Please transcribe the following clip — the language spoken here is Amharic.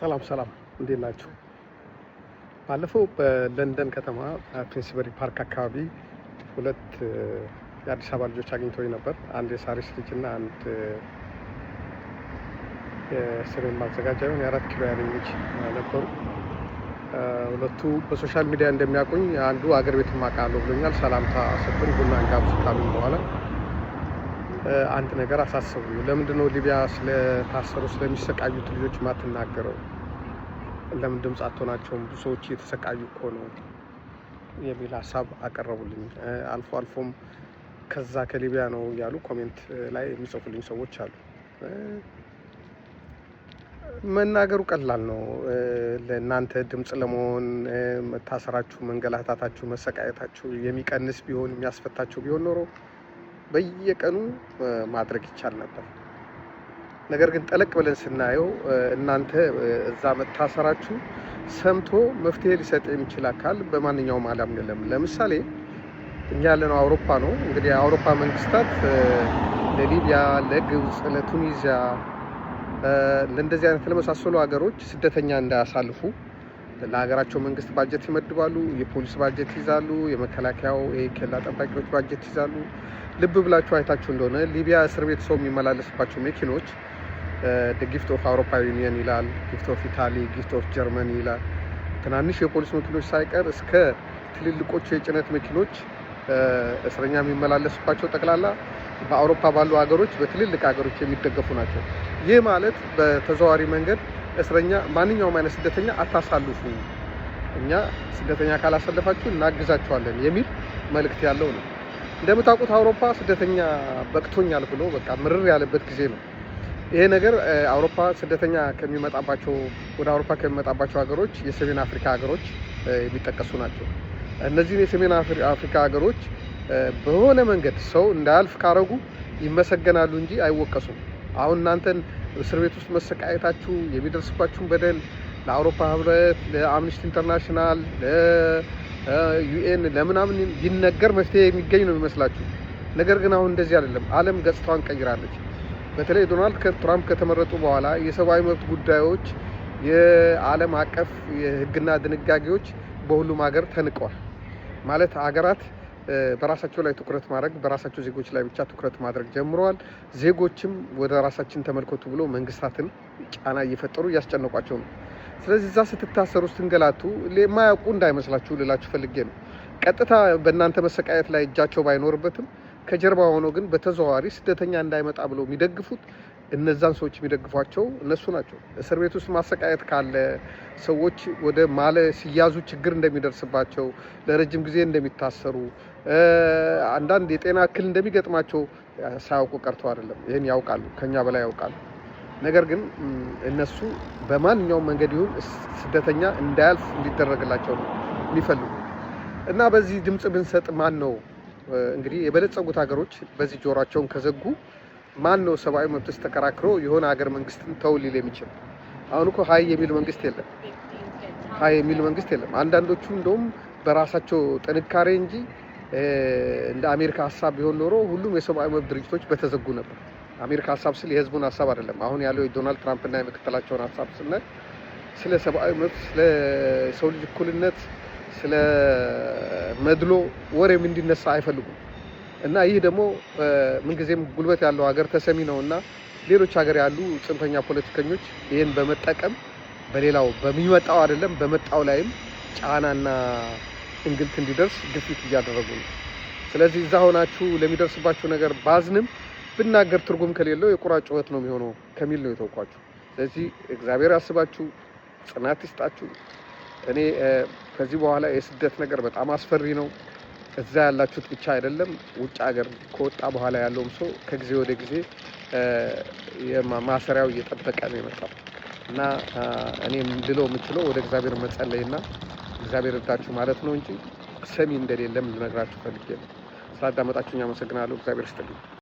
ሰላም ሰላም፣ እንዴት ናችሁ? ባለፈው በለንደን ከተማ ፔንስበሪ ፓርክ አካባቢ ሁለት የአዲስ አበባ ልጆች አግኝተው ነበር። አንድ የሳሪስ ልጅ እና አንድ የስሬን ማዘጋጃ የሆን የአራት ኪሎ ያለኝ ልጅ ነበሩ። ሁለቱ በሶሻል ሚዲያ እንደሚያውቁኝ አንዱ አገር ቤት ማቃለሁ ብሎኛል። ሰላምታ ሰጥቶኝ ቡና እንጋብዝ ካሉኝ በኋላ አንድ ነገር አሳሰቡኝ ለምንድን ነው ሊቢያ ስለታሰሩ ስለሚሰቃዩት ልጆች ማትናገረው? ለምን ድምፅ አትሆናቸውም? ብዙ ሰዎች እየተሰቃዩ እኮ ነው የሚል ሀሳብ አቀረቡልኝ። አልፎ አልፎም ከዛ ከሊቢያ ነው ያሉ ኮሜንት ላይ የሚጽፉልኝ ሰዎች አሉ። መናገሩ ቀላል ነው። ለእናንተ ድምፅ ለመሆን መታሰራችሁ፣ መንገላታታችሁ፣ መሰቃየታችሁ የሚቀንስ ቢሆን የሚያስፈታችሁ ቢሆን ኖሮ በየቀኑ ማድረግ ይቻል ነበር። ነገር ግን ጠለቅ ብለን ስናየው እናንተ እዛ መታሰራችሁ ሰምቶ መፍትሄ ሊሰጥ የሚችል አካል በማንኛውም ዓለም የለም። ለምሳሌ እኛ ያለነው አውሮፓ ነው። እንግዲህ የአውሮፓ መንግስታት ለሊቢያ፣ ለግብፅ፣ ለቱኒዚያ ለእንደዚህ አይነት ለመሳሰሉ ሀገሮች ስደተኛ እንዳያሳልፉ ለሀገራቸው መንግስት ባጀት ይመድባሉ። የፖሊስ ባጀት ይዛሉ። የመከላከያው የኬላ ጠባቂዎች ባጀት ይዛሉ። ልብ ብላችሁ አይታችሁ እንደሆነ ሊቢያ እስር ቤት ሰው የሚመላለስባቸው መኪኖች ጊፍት ኦፍ አውሮፓ ዩኒየን ይላል፣ ጊፍት ኦፍ ኢታሊ፣ ጊፍት ኦፍ ጀርመኒ ይላል። ትናንሽ የፖሊስ መኪኖች ሳይቀር እስከ ትልልቆቹ የጭነት መኪኖች እስረኛ የሚመላለሱባቸው ጠቅላላ በአውሮፓ ባሉ ሀገሮች በትልልቅ ሀገሮች የሚደገፉ ናቸው። ይህ ማለት በተዘዋዋሪ መንገድ እስረኛ፣ ማንኛውም አይነት ስደተኛ አታሳልፉ፣ እኛ ስደተኛ ካላሳለፋችሁ እናግዛችኋለን የሚል መልእክት ያለው ነው። እንደምታውቁት አውሮፓ ስደተኛ በቅቶኛል ብሎ በቃ ምርር ያለበት ጊዜ ነው። ይሄ ነገር አውሮፓ ስደተኛ ከሚመጣባቸው ወደ አውሮፓ ከሚመጣባቸው ሀገሮች የሰሜን አፍሪካ ሀገሮች የሚጠቀሱ ናቸው። እነዚህን የሰሜን አፍሪካ ሀገሮች በሆነ መንገድ ሰው እንዳያልፍ ካረጉ ይመሰገናሉ እንጂ አይወቀሱም። አሁን እናንተን እስር ቤት ውስጥ መሰቃየታችሁ የሚደርስባችሁን በደል ለአውሮፓ ህብረት፣ ለአምነስቲ ኢንተርናሽናል፣ ለዩኤን ለምናምን ይነገር መፍትሄ የሚገኝ ነው የሚመስላችሁ። ነገር ግን አሁን እንደዚህ አይደለም። ዓለም ገጽታዋን ቀይራለች። በተለይ ዶናልድ ትራምፕ ከተመረጡ በኋላ የሰብአዊ መብት ጉዳዮች የዓለም አቀፍ የህግና ድንጋጌዎች በሁሉም ሀገር ተንቀዋል ማለት ሀገራት። በራሳቸው ላይ ትኩረት ማድረግ በራሳቸው ዜጎች ላይ ብቻ ትኩረት ማድረግ ጀምረዋል። ዜጎችም ወደ ራሳችን ተመልከቱ ብሎ መንግስታትን ጫና እየፈጠሩ እያስጨነቋቸው ነው። ስለዚህ እዛ ስትታሰሩ ስትንገላቱ የማያውቁ እንዳይመስላችሁ ልላችሁ ፈልጌ ነው። ቀጥታ በእናንተ መሰቃየት ላይ እጃቸው ባይኖርበትም ከጀርባ ሆኖ ግን በተዘዋዋሪ ስደተኛ እንዳይመጣ ብሎ የሚደግፉት እነዛን ሰዎች የሚደግፏቸው እነሱ ናቸው። እስር ቤት ውስጥ ማሰቃየት ካለ ሰዎች ወደ ማለ ሲያዙ ችግር እንደሚደርስባቸው፣ ለረጅም ጊዜ እንደሚታሰሩ፣ አንዳንድ የጤና እክል እንደሚገጥማቸው ሳያውቁ ቀርተው አይደለም። ይህን ያውቃሉ፣ ከኛ በላይ ያውቃሉ። ነገር ግን እነሱ በማንኛውም መንገድ ይሁን ስደተኛ እንዳያልፍ እንዲደረግላቸው ነው የሚፈልጉ እና በዚህ ድምፅ ብንሰጥ ማን ነው እንግዲህ የበለጸጉት ሀገሮች በዚህ ጆሯቸውን ከዘጉ ማን ነው ሰብአዊ መብት ተከራክሮ የሆነ ሀገር መንግስትን ተው ሊል የሚችል? አሁን እኮ ሀይ የሚል መንግስት የለም፣ ሀይ የሚል መንግስት የለም። አንዳንዶቹ እንደውም በራሳቸው ጥንካሬ እንጂ እንደ አሜሪካ ሀሳብ ቢሆን ኖሮ ሁሉም የሰብአዊ መብት ድርጅቶች በተዘጉ ነበር። አሜሪካ ሀሳብ ስል የህዝቡን ሀሳብ አይደለም። አሁን ያለው የዶናልድ ትራምፕ እና የምክትላቸውን ሀሳብ ስናይ ስለ ሰብአዊ መብት፣ ስለ ሰው ልጅ እኩልነት፣ ስለ መድሎ ወሬም እንዲነሳ አይፈልጉም። እና ይህ ደግሞ ምንጊዜም ጉልበት ያለው ሀገር ተሰሚ ነው እና ሌሎች ሀገር ያሉ ጽንፈኛ ፖለቲከኞች ይህን በመጠቀም በሌላው በሚመጣው አይደለም በመጣው ላይም ጫናና እንግልት እንዲደርስ ግፊት እያደረጉ ነው። ስለዚህ እዛ ሆናችሁ ለሚደርስባችሁ ነገር ባዝንም ብናገር ትርጉም ከሌለው የቁራ ጩኸት ነው የሚሆነው ከሚል ነው የተውኳችሁ። ስለዚህ እግዚአብሔር ያስባችሁ፣ ጽናት ይስጣችሁ። እኔ ከዚህ በኋላ የስደት ነገር በጣም አስፈሪ ነው። እዛ ያላችሁት ብቻ አይደለም፣ ውጭ ሀገር ከወጣ በኋላ ያለውም ሰው ከጊዜ ወደ ጊዜ ማሰሪያው እየጠበቀ ነው የመጣው እና እኔ ልለው የምችለው ወደ እግዚአብሔር መጸለይና እግዚአብሔር እርዳችሁ ማለት ነው እንጂ ሰሚ እንደሌለም ልነግራችሁ ፈልጌ ነው። ስላዳመጣችሁኝ አመሰግናለሁ። እግዚአብሔር ይስጥልኝ።